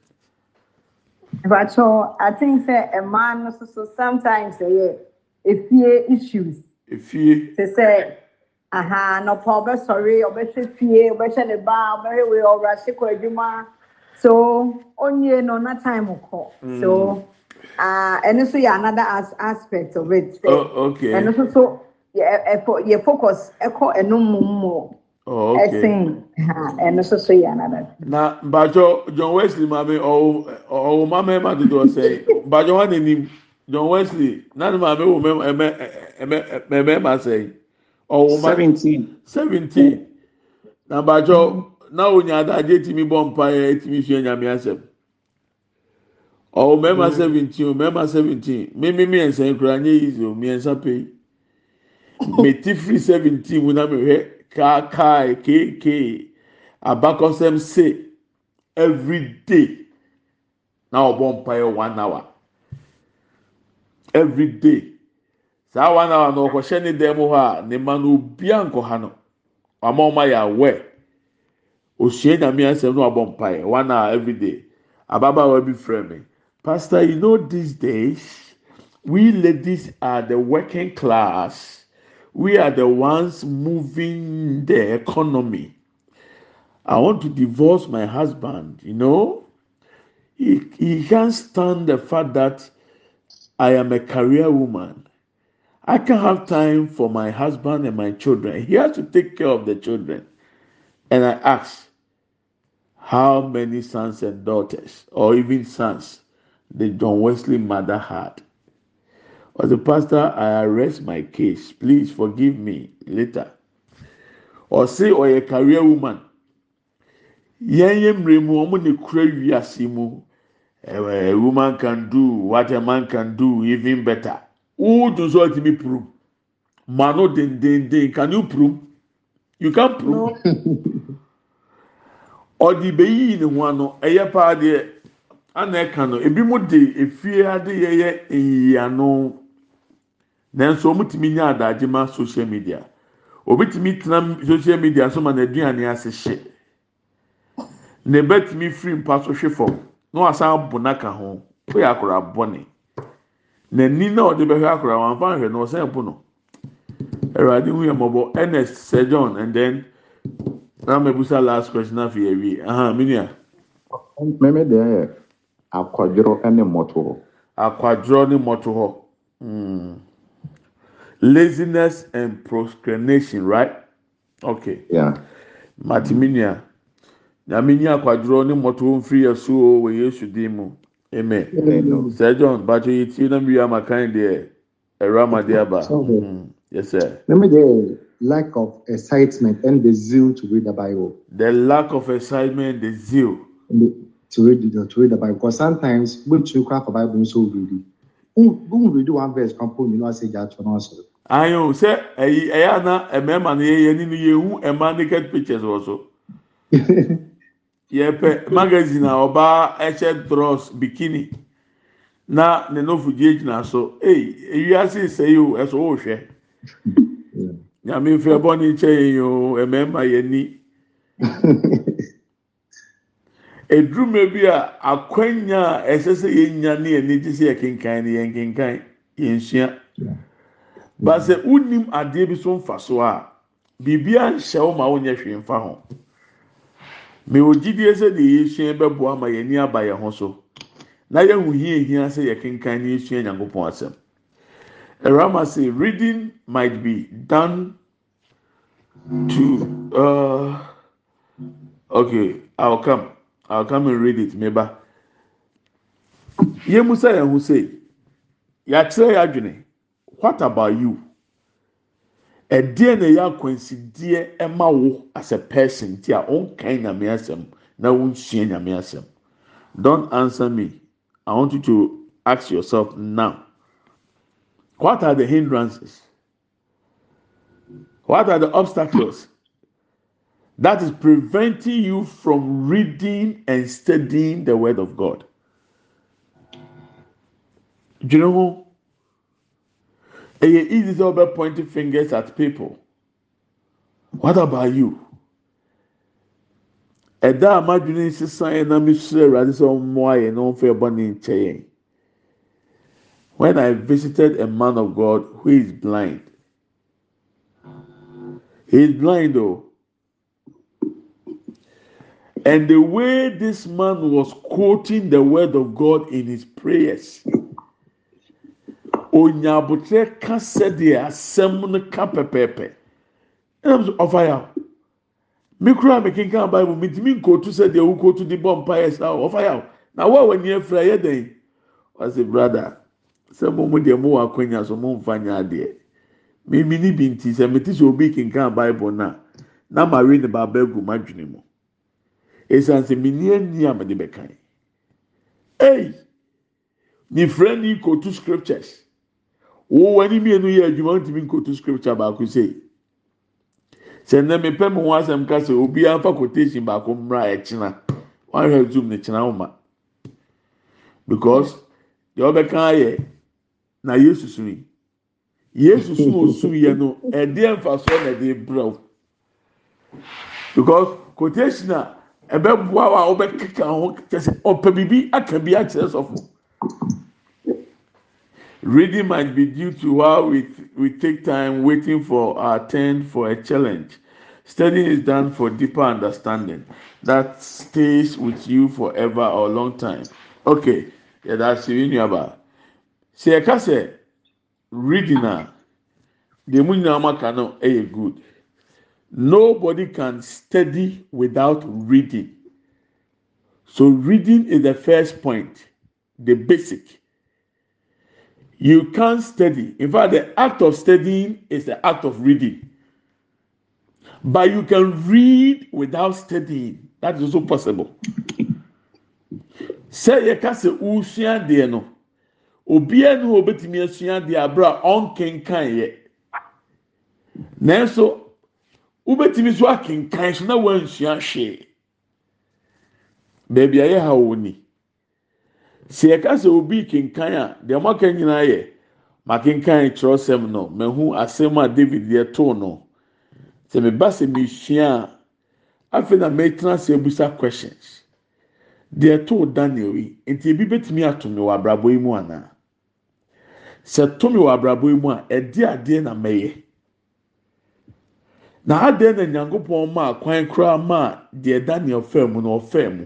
But so I think say a man also so sometimes say a fear issues. A fear. They say, aha, no problem, sorry, or better fear, or better the bar, very way or rashiko ejuma. So only no na time occur. Mm. So uh and also yeah, another as aspect of it. Say, oh, okay. And also so yeah, e, e, for your focus echo and e, no more. Oh, ya Na Bàjọ́ John Wesley maame ọwụ ọwụma maame ma dodo ọ̀sẹ̀ Bàjọ́ wà n'anim John Wesley naanị maame wò seventeen na Bàjọ́ náà ònyà adájẹ́ tìmí bọ́ mpa yẹ e, tìmí 17 ẹ̀nyàmí asẹ̀m ọ̀wọ̀ mẹ́ma mm. seventeen mẹ́ma seventeen mímí mìẹ̀nsẹ̀ nkura nyẹ́ yìí zò mìẹ̀nsá pé mẹ́tí seventeen kaka kk abakɔsɛm se everyday na wɔbɔ mpaeɛ 1nhour everyday saa ohour na ɔkɔhyɛ ne dɛɛ m hɔ a nne ma no obia nkɔha no ama woma yɛ awɛr ɔsua nyameasɛm ne wbɔ mpaeɛ onhour everyda ababa a waabi frɛ me pastor youknow thes days we letdis are the working class we are the ones moving the economy. I want to divorce my husband, you know. He, he can't stand the fact that I am a career woman. I can't have time for my husband and my children. He has to take care of the children. And I ask, how many sons and daughters, or even sons, the John Wesley mother had? ɔsɛ pastor i arrest my case please forgive me later Or say, or a career woman yɛn yɛ mmerɛ ne kura mu ɛɛ woman can do what a man can do even better Who woodun so Me prove? mano den den den. can you prove? you can purum ɔde bɛyi ne ho ano ɛyɛ paa deɛ ana ɛka no ebi mo de efie ade yɛyɛ nyiano. nanso wɔtumi nya adagye ma social media obitumi tena social media so ma n'aduane ase hye ne ba tumi firi mpa so hwe fam na wasan abo n'aka ho oyɛ akora bɔne n'ani na ɔde bɛhwɛ akora wɔn afa nhwɛ na ɔsan ɛpo no awurade hu yɛ mɔbɔ ernest sir john and then na mɛbusa last question afei awie ahan minia. mmemme deɛ yɛ akwadworɔ ne mmɔto hɔ. akwadworɔ ne mmɔto hɔ. Hmm. laziness and procrastination right okay yeah matiminia nyame nyi akwadworɔ ne mmɔto mfiri ɛso o wɔ yesu din mu amen sir john bàtò yìí tí nam wia makan deɛ ɛwura amadi aba hmm. yes sir. let me dey lack of excitement and the zeal to read the bible. the lack of excitement the zeal. to read the to read the bible because sometimes wey tun kura the bible so read it. n read one verse come po mi na say ja to na anyị o sị eyi na mmarima na yeye nínú yẹ hu mmaa naked pictures wọ so yẹ pẹ magazine a ọbaa ẹhyẹ bikini na ne nofudie gyina so eyi ewiase sẹyi o ẹsọ ọhwẹ nyame nfẹ bọ ne nkyɛn o mmarima ya ni edurume bi a akwanya a ɛsɛ sɛ yɛn ne yɛn ni gye sɛ yɛ kenkan ne yɛn kenkan yɛn sua. ba sɛ wonim adeɛ bi so mfa so a biribia nhyɛ wo ma wonyɛ hwee mfa ho mewɔ gyidie sɛ deɛ yɛsua bɛboa ma yɛni aba yɛn ho so na yɛhu hia hia sɛ yɛkenkan ne yɛsua nyankopɔn asɛm ɛrama say reading might be done to uh, okay i'll come i'll come and read it meba yɛn mu sɛ yɛn ho sɛ yɛakyerɛ yɛ adwene. what about you ɛdeɛ na ɛyɛ akwansideɛ ɛma wo as a person ti a ɔnkan nyame asɛm na ɔnsua me asem? don't answer me i want you to ask yourself now what are the hindrances what are the obstacles that is preventing you from reading and studying the word of god. Do you know, ɛyɛ easy sɛ ɔbɛ pointing fingers at people what about you ɛda a madwene sisan yɛn na mi srɛ awurade sɛ ɔmmoa yɛn na ɔmfɛ ɛbɔ ne nkyɛ yɛn when i visited a man of god who is blind he is blind o and the way this man was quoting the word of god in his prayers. onya abotire ka sɛdeɛ asɛm no ka pɛpɛɛpɛ ɛnam so ɔfa ya a kura mi kinkan baibu mi ti mi nkootu sɛdeɛ wokootu di bɔ mpa yɛ sa ɔfa ya na wa a wɔ nia fira yɛ dɛn ɔsi brada sɛ mo mo deɛ mụ wɔ akonya so mo nfa nya adeɛ mi mi ni bi nti sɛ mi ti sɛ obi kinkan baibu na na ma wi ne ba bɛ gu ma dwene mu esan sɛ mi ni eni a mi de bɛ kan ni fira ni kootu scriptures. wo wani mmienu yɛ adwuma ntumi nkoto scripture baako sei sɛ nnɛ mepɛ mu ho asɛm ka sɛ obiara fa quotation baako mmra ɛkyina wahwɛ zoom ne kyina ho ma because deɛ ɔbɛka ayɛ na yesu sum yi yesu sum osum yɛ no ɛdeɛ nfa so na ɛde brɛw because quotation a ɛbɛboa wa a wɔbɛkeka ho kyɛ sɛ ɔpɛ biribi aka bi akyerɛ sɔfo. Reading might be due to how we, we take time waiting for our turn for a challenge. Studying is done for deeper understanding that stays with you forever or long time. Okay, yeah, that's you in your Sɛ yɛka sɛ reading a the mu nyinaa maka no good. Nobody can study without reading. So reading is the first point, the basic. You can't study. In fact, the act of studying is the act of reading. But you can read without studying. That is also possible. Sɛ yɛka sɛ usua deɛ no, obiara no obetumi asua deɛ abira ɔnkenkan yɛ. Nanso, wobetumi so akenkan so na wɔnsua hwee. Beebi a ha wɔ ni. sɛ yɛka sɛ obi kenkan a deɛ maka nyinaa yɛ makenkan kyerɛsɛm no mahu asɛm a david yɛ too no sɛ meba sɛ mesua a afei na mɛtena sɛ abusa questions deɛ too daniel yi nti ebi bɛtumi atome wɔ abrabɔ yi mu anaa sɛ tome wɔ abrabɔ yi mu a ɛde adeɛ na mɛyɛ na adeɛ na nyankopɔn maa kwan koraa maa deɛ daniel fɛɛ mu na ɔfɛɛ mu.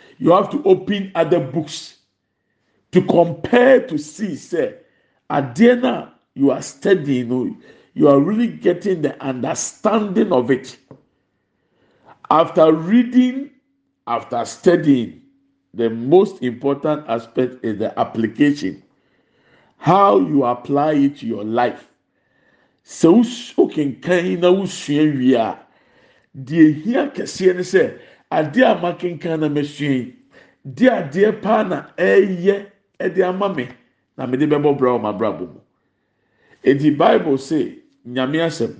have to open other books to compare to s sɛ adeɛna you are studying youare really getting the understanding of it after reading after studying the most important aspect is the application how you apply it to your life sɛ wosokenkaina wosuan wi a deɛ hia kɛseɛ no sɛ adeɛ a makenkan na masua yi di adeɛ paa na ɛyɛ ɛde ama me na mede bɛbɔ bra wɔn abrabɔ mu edi bible say nyame asɛm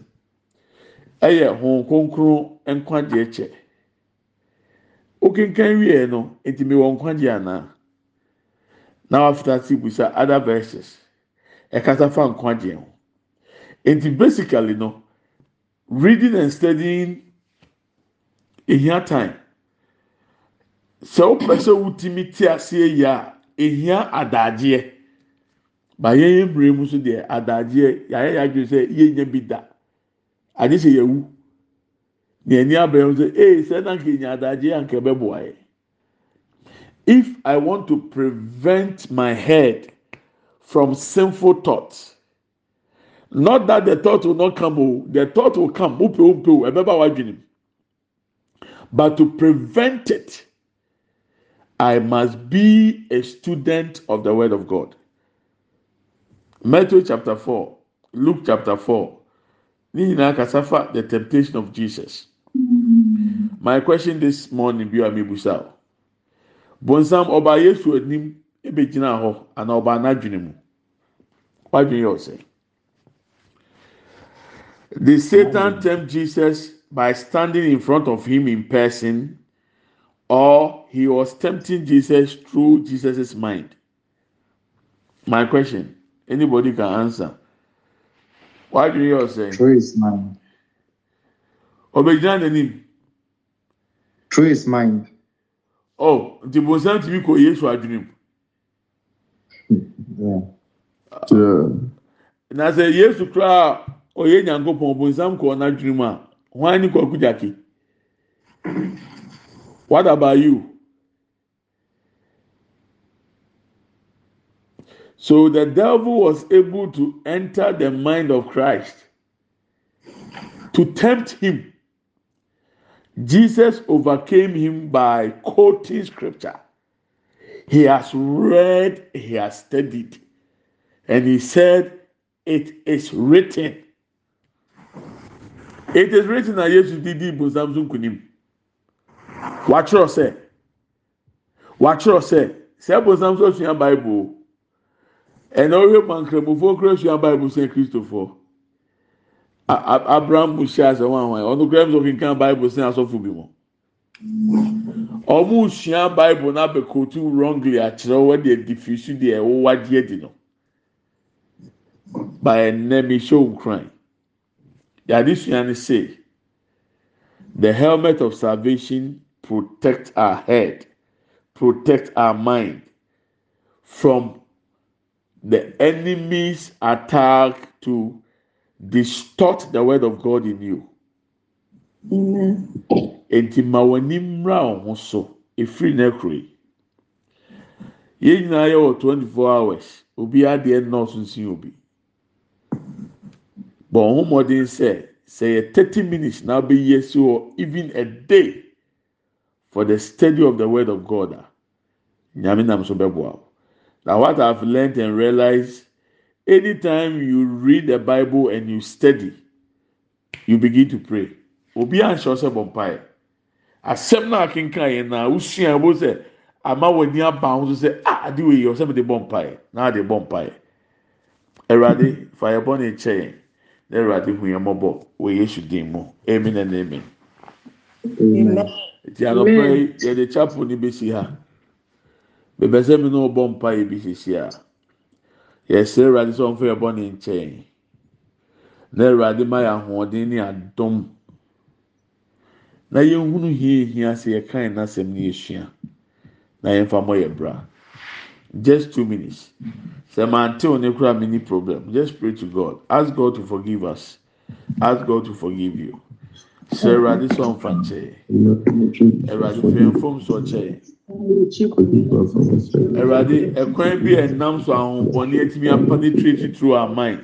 ɛyɛ honhom kronkron nkwagyeɛ kyɛ okenkan wie no eti mi wɔ nkwagyeɛ ana. na wafita ti busa other verses ɛkasa fa nkwagyeɛ ho eti basically no reading and studying ehia time. sɛ wopɛ sɛ wotumi te aseɛ yi a ehia adagyeɛ ba yɛn yɛn mmerɛ mu nso deɛ adagyeɛ yɛayɛ yɛadwene sɛ yɛnya bi da agye sɛ yɛwu na ani abɛn mu sɛ ee sɛ na nka nya adagyeɛ anka ɛbɛboa yɛ if i want to prevent my head from sinful thoughts not that the thought will not come o oh, the thought will come o pe o pe o ɛbɛba wa dwene but to prevent it. I must be a student of the Word of God. Matthew chapter 4, Luke chapter 4. Nina Kasafa, the temptation of Jesus. My question this morning, Biwami Busao. Bonsam ọba Yesu anim ebegyina hɔ ana ọba anadwene mu. Wadwene yɛ ɔsɛ. The Satan tempt Jesus by standing in front of him in person or he was tempting Jesus through Jesus's mind? My question. Anybody can answer. Why do you say? Through his mind. Obegyina n'anim. Through his mind. Oh, nti bonsam tìbí kò Yesu adwene mu. Na sɛ Yesu koraa ɔyɛ nyankopɔn bonsam kɔ n'adwene mu a, hwan ah. ni kɔ kugyake? What about you? So the devil was able to enter the mind of Christ to tempt him. Jesus overcame him by quoting scripture. He has read, he has studied, and he said, It is written. It is written that Jesus did Samsung wɔatwerɛ sɛ wɔatwerɛ sɛ sɛ ɛbosam so sua bible ɛna ɔhwɛ mankramofo nkura sua bible sɛ kristofoɔ abraham muhyia sɛ wɔn ahoɛ ɔno kura mu sɛ ɔkenkan bible sɛ asɔfo bi mu ɔmo sua bible na abɛkotu wrongly akyerɛ wɔn deɛ difisu deɛ ɛwɔ wadeɛ di no by ɛnɛm ihyɛ nkran yade sua ne say the helmet of salvation. protect our head, protect our mind from the enemy's attack to distort the word of God in you. Enti ma w'ani mmra ifri so Ye n'ekuro yi. Yɛn 24 hours, wɔ twenty four hours obi adeɛ nɔɔso nsi obi. Bɔn ɔho mɔden se sɛ thirty minutes na abɛyi esi even a day. for the study of the word of God. Ah, Now, what I've learned and realized anytime you read the Bible and you study, you begin to pray. Obi anhyɛ sɛ bɔ mpaeɛ. Asɛm no a kenkan yɛ na usua ebo sɛ ama w'ani aba ho so sɛ a mi de bɔ mpaeɛ na ade bɔ mpaeɛ. Awurade fa yɛ bɔ ne nkyɛn yɛn na awurade hu mu. Amen and amen. amen nti anɔpɛ yi yɛde chapel ni besi ha bɛbɛ sɛ mi n'o bɔ mpa yi bi sisi a yɛsɛ awurade sɛ ɔnfɛ yɛbɔ ne nkyɛn na awurade ma yɛ ahoɔden ne adɔm na yɛnhunu hie hia sɛ yɛkan n'asɛm ne yɛsua na yɛnfa mɔ yɛ bra just two minutes sɛ mantew ne kura mi ni problem just pray to God ask God to forgive us ask God to forgive you sɛ awurade sɛ ɔmfa nkyɛe awurade fɛ mfom sɛ ɔkyɛe awurade ɛkwan bi a ɛnam so ahohommɔne atumi apa ne tirititiri our mind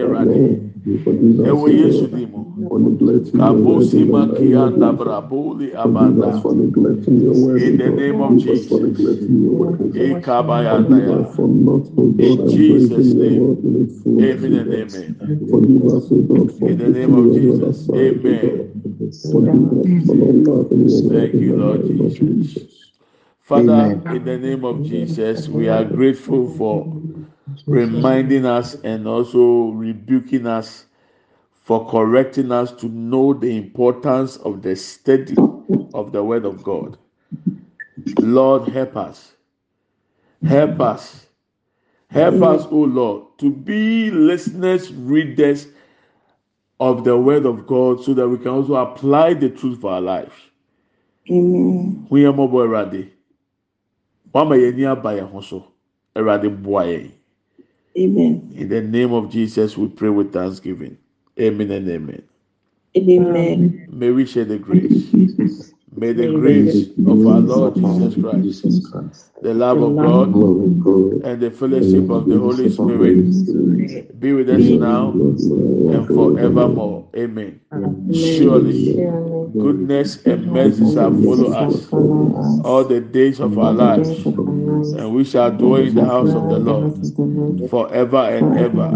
yesu di mu abanda in the name of jesus oh in jesus name amen and amen in the name of jesus amen thank you lord jesus father in the name of jesus we are grateful for reminding us and also rebuking us for correcting us to know the importance of the study of the Word of God. Lord, help us. Help us. Help us, O Lord, to be listeners, readers of the Word of God so that we can also apply the truth for our lives. We are more ready. Wama yɛ ni aba yɛn ho bua yɛn. Eh? Amen. In the name of Jesus, we pray with thanksgiving. Amen and amen. Amen. May we share the grace. May the grace of our Lord Jesus Christ, the love of God, and the fellowship of the Holy Spirit be with us now and forevermore. Amen. Surely, goodness and mercy shall follow us all the days of our lives and we shall dwell in the house of the Lord forever and ever.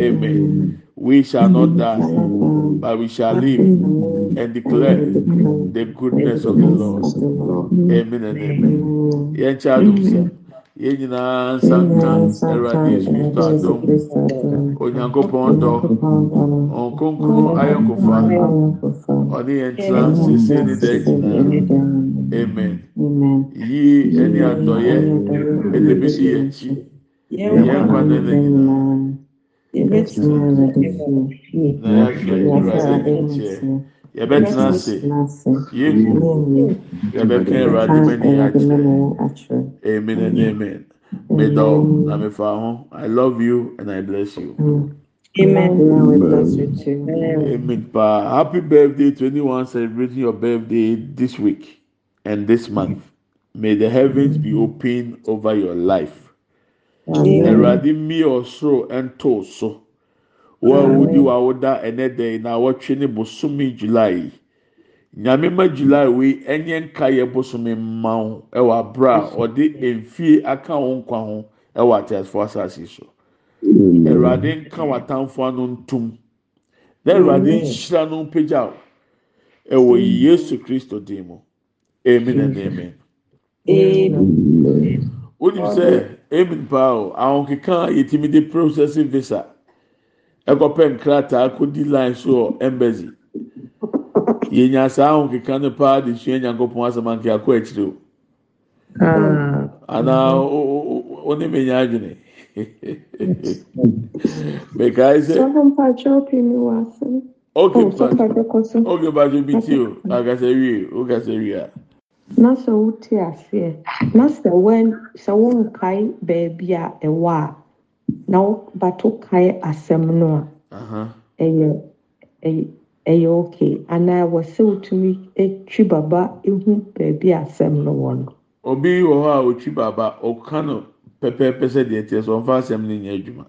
Amen. We shall not die, but we shall live and declare the goodness of the Lord. Amen and amen. Yẹn kya dum sẹ, yẹn nyinaa nsa nka ẹrọ adi esu esu adum, onyankopɔn dɔ, ɔnkonkoro ayɛ ɔne yɛn tena sese ne dɛ nyinaa amen yi ɛne adɔyɛ ɛna bi si yɛn akyi yɛn ba ne nyinaa na amen and amen i love you and i bless you. Mm. Amen. Amen. Amen. Happy birthday to anyone celebrating your birthday this week. and this month. May the heavens be open over your life. Awurade mmie ɔsoro nto so. Wɔn a na wɔtwe ne bosomi July. Nyame ma July wei ɛnyɛ nka yɛ bosomi mma ho ɛwɔ abira a ɔde mfie aka wɔn nkwa ho ɛwɔ ateasefo asase so. Awurade nka w'atamfo ano ntum. Na Awurade nhyira no mpagya ɛwɔ Yesu Kristo dim mu. mnneɛme wonim sɛ min paa o ahonkekaa yɛtimi de process visa ɛkɔpɛm krataa kɔdi line soɔ embasy yɛnya saa ahonkeka no paa de sua nyankopɔn asɛm ankeako akyire o ah. anaa wo ne menya adwene mɛkasɛpwbitio akasaie wokasa wiea na sɛ wote aseɛ na sɛ wonkae baabi a ɛwɔ a na bato kae asɛm no a ɛyɛ ok anaa ɛwɔ sɛ wotumi twi baba hu baabi a asɛm no wɔ no obi wɔ hɔ a otwi baba ɔka no pɛpɛɛpɛ sɛ deɛ teɛ sɛ ɔmfa asɛm no nyɛ adwuma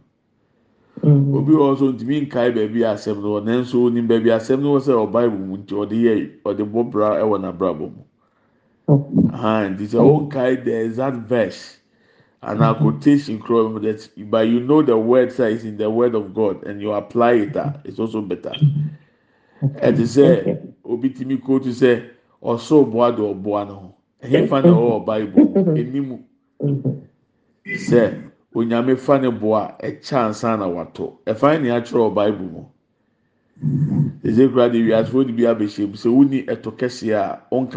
mm-hmm. obi wɔ hɔ nso ntumi nkae baabi a asɛm no wɔ nanso onim baabi asɛm no wɔ sɛ ɔbaa ewu mu nti ɔde yɛ ɔde bɔ bra ɛwɔ n'abrabɔ mu. Uh-huh, and it's won't carry the exact verse and our mm-hmm. quotation from that, but you know the word says in the word of God and you apply it, uh, it's also better. And they say, Obitimi quote to say, or so boad or boano. He found the oh, whole Bible, enimu. Say, Onyame fa ne boa, a chance and a wato. A fine natural Bible. Is it the We are supposed to be a bishop, so we need a tokesi a on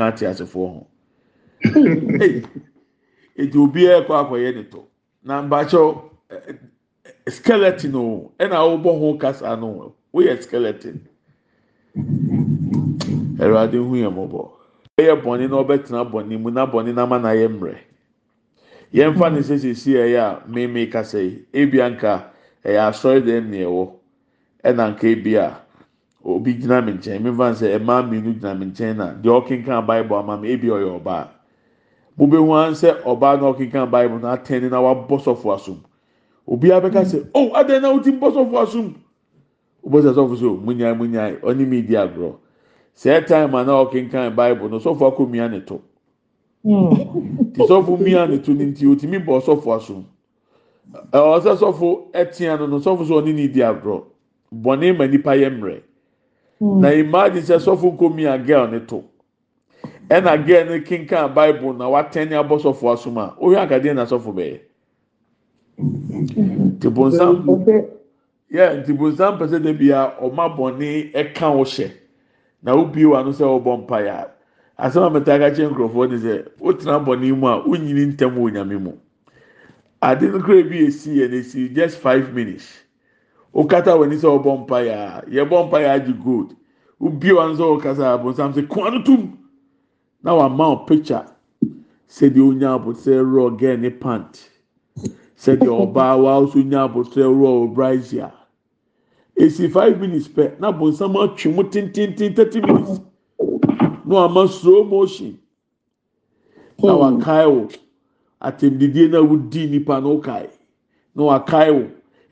nti obiara ɛkɔ akɔyɛ ne to na mbakyɛw skeleton o ɛna ɔbɔ ho kasa no woyɛ skeleton adi hu yɛn mɔbɔ ɛyɛ bɔnne na ɔbɛtena bɔnne mu na bɔnne na ama na a mmemme kasa yi ebi anka na nka ebi obi gyina mi gyina mi na ama mi ebi wobɛhu hmm. oh, oh, an sɛ ɔbaa na ɔkenkan bible na atɛn na wabɔ sɔfo asom obiara bɛka sɛ o adan na wotin bɔ sɔfo asom wobɛsɛ sɔfo so munyaa munyaa ɔne mi di agorɔ sɛ time a na ɔkenkan bible no sɔfo akɔ mia ne to ti sɔfo mia ne to ne nti otimi bɔ sɔfo asom ɛwɔ sɛ sɔfo ɛtea no no sɔfo so ɔne ne di agorɔ bɔnne ma nipa yɛ mmerɛ na imagine sɛ sɔfo nkɔ mia girl ne to ɛna girl no kinkan bible na watɛn ne abɔsɔfo asom a ohwɛ akadeɛ na asɔfo bɛyɛ ntibonsam yɛ ntibonsam pɛ sɛ de bia ɔma bɔnne ɛka wo hyɛ na wobie wa no sɛ ɔbɔ mpa ya asɛm a mɛta aka kyerɛ nkurɔfoɔ ne sɛ wotena bɔnne mu a wonyini ntɛm wɔ onyame mu ade no kura bi esi yɛ n'esi just five minutes okata wɔ ni sɛ ɔbɔ mpa ya yɛ bɔ mpa ya agye gold wobie wa no sɛ ɔkasa abonsam sɛ kɔn ano tum na wama o picture sɛdeɛ onya abotire rɔ girl ne pant sɛdeɛ ɔbaawa nso nya abotire rɔ o brazier esi five minutes pɛ na bonsam atwi mu tententen thirty minutes na wama slow motion na wakae o atɛmdidie na wodi nipa na okae na wakae o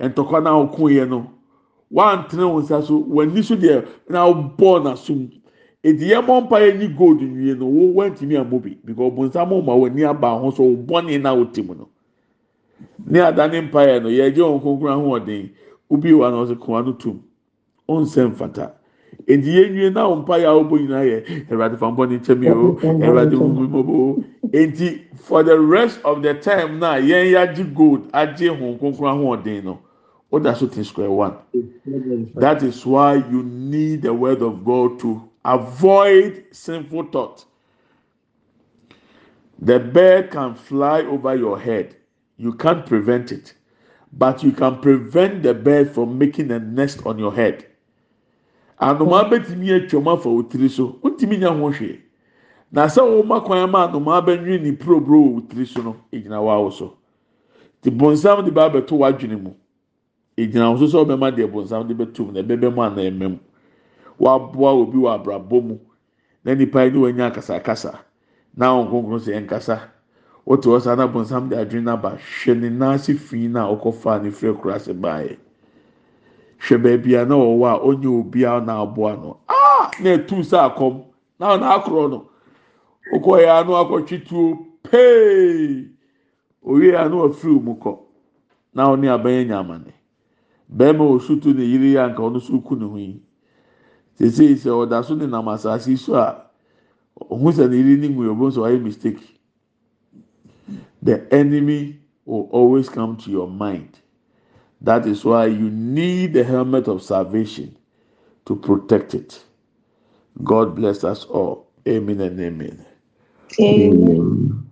ntɔkwa na ɔko yɛ no wantene wɔn nsa so wɔn ani so deɛ na ɔbɔ n'asom eti yɛ mɔ mpa yɛ ni gold nwie no wo wɛntumi amu bi because bonsamu ma wɔ ni aba ho so bɔnni na o ti mu no ne adane mpa yɛ no yɛgye wɔn kunkun ahoɔden obi wa na ɔsɛ kuma no tum ɔnsɛ mfata eti yɛ nwie na wɔn mpa e yɛ awobɔ nyinaa yɛ ɛwurade fanbɔ ne nkyɛn mi o ɛwurade e huhu mi bo eti for the rest of the time na yɛn yagye gold agye wɔn kunkun ahoɔden no. Oh, that's what is square one. That is why you need the word of God to Avoid sinful thought. The bird can fly over your head. You can't prevent it, but you can prevent the bird from making a nest on your head. Anoma betumi atwam afa otiri so, otimi nya ho hwee. Na sɛ wɔma kwan ma anoma bɛnwe ne probro wɔ otiri so no, egyina wawo so. Te bonsam de ba abɛto wadwene mu. Egyina wɔn so sɛ ɔbɛma deɛ bonsam de bɛto mu na ɛbɛbɛ mu ana ɛmɛ mu. waboa obi wɔ abrabɔ mu na nipa yi ne wɔn anya akasakasa na wɔn nkonkron sɛ nkasa wote hɔ saa na bɔnsam de adwene n'aba hwɛ ne nan ase fi na ɔkɔfa ne fira kura ase baeɛ hwɛ beebi a na ɔwɔ a onye obi a na aboa no aa ah! na etu sa akɔm na ɔna akorɔ no okɔ yɛ ano akɔtwi tuo pee owie ano ɔfiri mu kɔ na ɔne abɛyɛ nyamane bɛrima osutu ne yiri ya anka ɔno so ku ne ho yi. seesei sɛ ɔda so nenam asase so a ohun sɛ ne yiri ne mu yɛ ɔbɛn so ayɛ mistake the enemy will always come to your mind that is why you need the helmet of salvation to protect it god bless us all amen and amen. amen. amen.